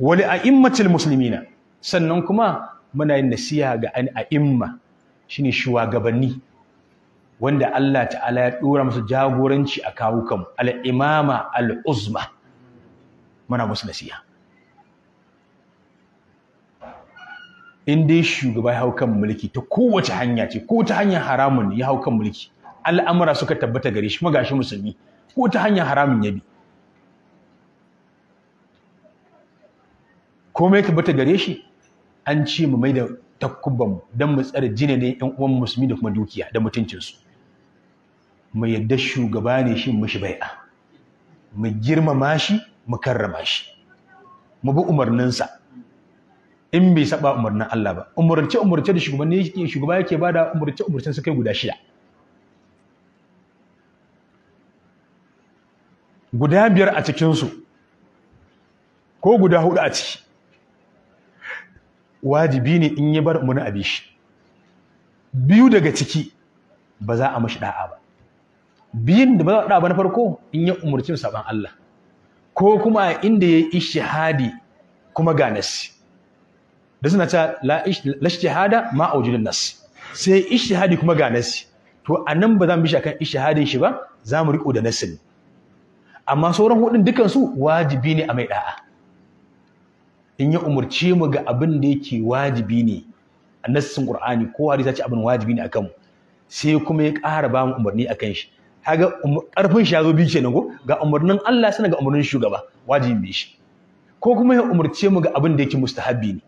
wali musulmi na, sannan kuma muna yin nasiha ga an a'imma shine shugabanni wanda Allah ta'ala ya ɗora masu jagoranci a kawukan alimama aluzma al-uzma muna musu nasiha in dai shugaba ya hau kan mulki ta kowace hanya ce ko ta hanyar haramun ya hau kan mulki al'amura suka tabbata gare shi magashi musulmi ko ta hanyar haramun ya bi komai ka bata gare shi an ce mu mai da takubban don mu tsare jini ne yan uwan musulmi da kuma dukiya da mutuncinsu mu yadda shugaba ne shi mushi bai'a mu girmama shi mu karrama shi mu bi umarninsa in bai saba umarnin Allah ba umarce umarce da shugabanni yake shugaba yake bada umarce umarcen su kai guda shida guda biyar a cikinsu ko guda hudu a ciki wajibi ne in ya bar mun abin shi biyu daga ciki ba za a mashi da'a ba biyun da ba za a da'a ba na farko in ya umarci saban Allah ko kuma inda ya yi ishihadi kuma ga nasi da suna ta lashtihada ma aujidin nasi sai ishihadi kuma ga nasi to a nan ba za mu bi shi akan ishihadin shi ba za mu riko da nasin amma sauran hudun dukansu wajibi ne a mai da'a in ya umurce mu ga abin da yake wajibi ne a nassin Qur'ani ko hadisi ce abin wajibi ne akan mu sai kuma ya ƙara ba mu umarni akan shi kaga karfin um, shi yazo zo biyu kenan ko ga umarnin Allah sana ga umarnin shugaba wajibi bi shi ko kuma ya umurce mu ga abin da yake mustahabi ne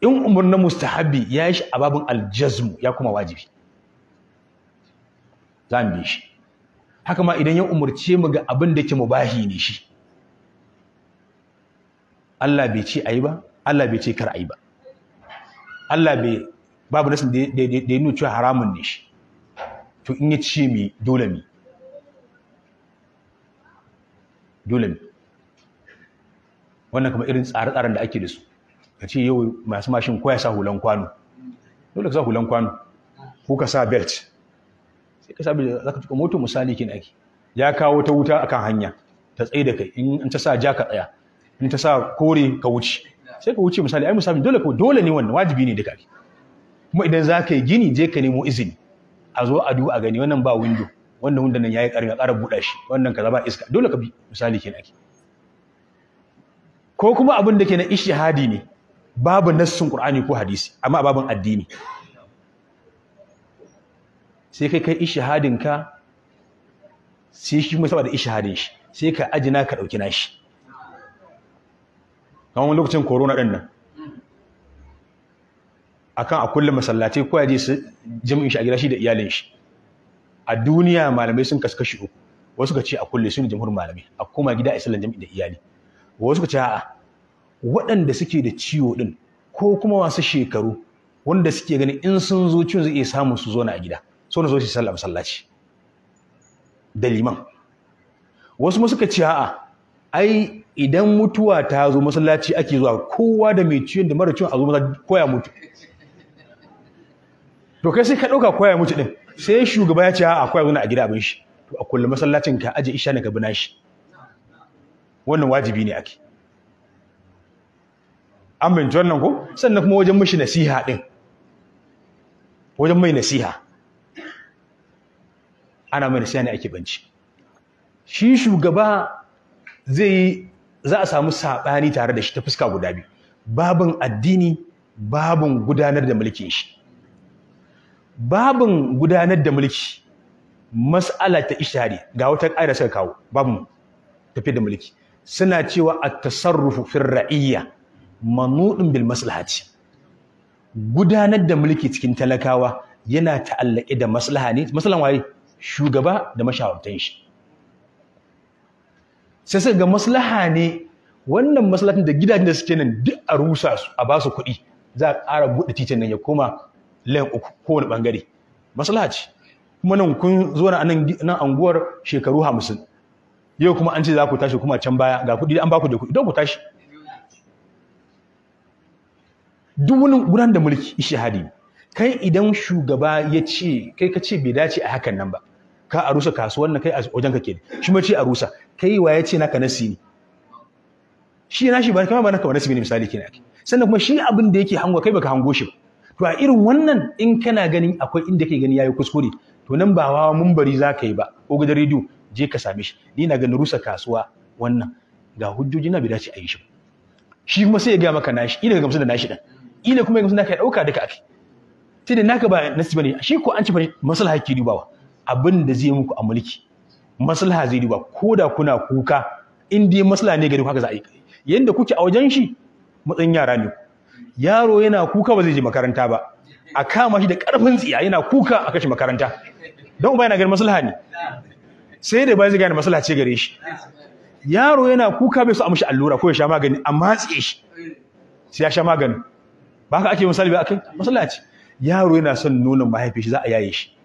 in umarnin mustahabi ya yi shi a babin aljazmu ya kuma wajibi za mu bi shi haka ma idan ya umurce mu ga abin da yake mubahi ne shi Allah bai ce yi ba Allah bai ce kar a yi ba Allah bai babu nasin da ya nuna cewa haramun ne shi to in ya ce mi dole mi dole mi wannan kamar irin tsare-tsaren da ake da su ka ce yau masu mashin ko ya sa hulan kwano dole ka sa hulan kwano ko ka sa belt sai ka sa belt za ka tuka moto misali kin ake ya kawo ta wuta akan hanya ta tsaye da kai in ta sa ja ka tsaya in ta sa kore ka wuce sai ka wuce misali ai misali dole ko dole ne wannan wajibi ne duka kuma idan za ka yi gini je ka nemo izini a zo a duba a gani wannan ba window wannan wanda nan yayi karin ƙara buɗa shi wannan kaza ba iska dole ka bi misali kenan ake ko kuma abin da ke na ishihadi ne babu nassun Qur'ani ko hadisi amma babin addini sai kai kai ishihadin ka sai shi kuma saboda ishihadin shi sai ka ajina ka dauki nashi wani lokacin korona ɗin nan kan a kullum masallaci ko yaje su jami'in shi a gida shi da iyalin shi a duniya malamai sun kasu kashi uku wasu ka ce a kulle su ne jamhur malamai a koma gida a sallan jami'in da iyali wasu ka ce a'a waɗanda suke da ciwo din ko kuma wasu shekaru wanda suke ganin in sun zo ciwon zai iya samun su zo na a gida so na zo shi sallah masallaci da liman wasu ma suka ce a'a ai idan mutuwa ta zo masallaci ake zuwa kowa da mai ciwon da mara ciwon a zo masa koya mutu to kai sai ka ɗauka koya mutu ɗin sai shugaba ya ce a koya zuwa a gida abin shi to a kulle masallacin ka aje isha ne ka bi nashi wannan wajibi ne ake an bin wannan ko sannan kuma wajen mashi nasiha din, wajen mai nasiha ana mai nasiha ne ake banci shi shugaba zai yi za a samu saɓani tare da shi ta fuska guda biyu babin addini babin gudanar da mulkin shi babin gudanar da mulki mas'ala ta ishari ga wata ƙa'ida suka kawo babin tafi da mulki suna cewa a tasarrufu fir ra'iyya manudin bil maslahati gudanar da mulki cikin talakawa yana ta'allaƙe da maslaha ne maslahan waye shugaba da mashawartan shi sai suka ga maslaha ne wannan maslahatin da gidajen da suke nan duk a rusa su a basu kuɗi za a ƙara buɗe titin nan ya koma lan uku kowane ɓangare maslaha ce kuma nan kun zo na nan anguwar shekaru hamsin yau kuma an ce za ku tashi kuma can baya ga kuɗi an ba ku da kuɗi don ku tashi duk wani gudanar da mulki hadi kai idan shugaba ya ce kai ka ce bai dace a hakan nan ba ka a rusa kasuwan nan kai a wajen ka kenan shi ma ce a rusa kai wa ya ce naka nasi ne shi na shi ba kamar ba naka nasi ne misali kenan ake sannan kuma shi abin da yake hango kai baka hango shi ba to a irin wannan in kana ganin akwai inda kai gani yayi kuskure to nan ba mun mumbari za ka yi ba ko gidan rediyo je ka same shi ni na ganin rusa kasuwa wannan ga hujjoji na bai dace a yi shi shi kuma sai ya ga maka nashi ina gamsu da nashi dan ina kuma gamsu da ya dauka duka ake sai da naka ba nasi bane shi ko an ci maslaha ki dubawa abin da zai muku a mulki maslaha zai duba ko da kuna kuka in dai maslaha ne gari haka za a yi yanda kuke a wajen shi matsayin yara ne yaro yana kuka ba zai je makaranta ba a kama shi da karfin tsiya yana kuka a kashe makaranta don uba yana gani maslaha ne sai da bai zai gane maslaha ce gare shi yaro yana kuka bai so a mishi allura ko ya sha magani a matse shi sai ya sha magani ba haka ake misali ba akai ce. yaro yana son nuna mahaifi shi za a yaye shi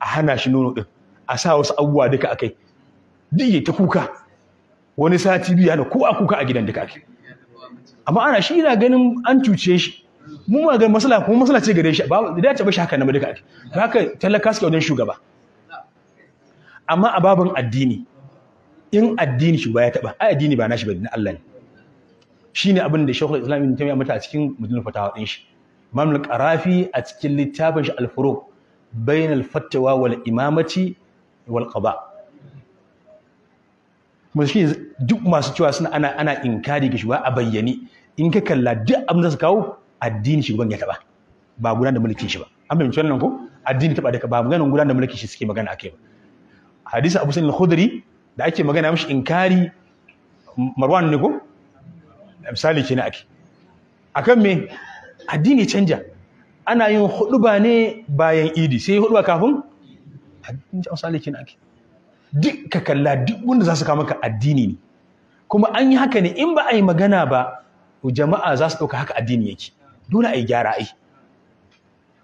a hana shi nono din a sa wasu abubuwa duka a kai, duk ta kuka wani sati biya da kowa kuka a gidan duka ake amma ana shi yana ganin an cuce shi mu ma ga masala kuma masala ce gare shi ba da ta shi haka na duka ake haka talaka suke wajen shugaba amma a babin addini in addini ba ya taba ai addini ba nashi bane na Allah ne shine abin da Sheikhul Islam Ibn Taymiyyah mata a cikin Mujallal Fatawa din shi Imam Al-Qarafi a cikin littafin shi Al-Furuq bainal fattawa wal imamaci wal duk masu cewa suna ana ana inkari ga a bayyane in ka kalla duk abin da su kawo addini shugaban ya taba ba gudanar da mulkin shi ba an fahimci wannan ko addini taba da ba maganar gudanar da mulkin shi suke magana akai ba hadisi Abu Sa'id da ake magana mishi inkari Marwan ne ko misali kenan ake akan me addini canja ana yin huduba ne bayan idi sai huduba kafin addini an salikin ake duk ka kalla duk wanda za su kawo maka addini ne kuma an yi haka ne in ba a yi magana ba jama'a za su ɗauka haka addini yake dole a yi gyara ai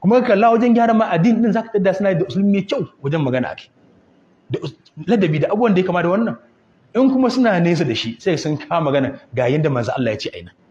kuma ka kalla wajen gyara ma addini din ka tada suna da usulmi mai kyau wajen magana ake da ladabi da abubuwan da ya kama da wannan in kuma suna nesa da shi sai sun kawo magana ga yadda manzo Allah ya ce aina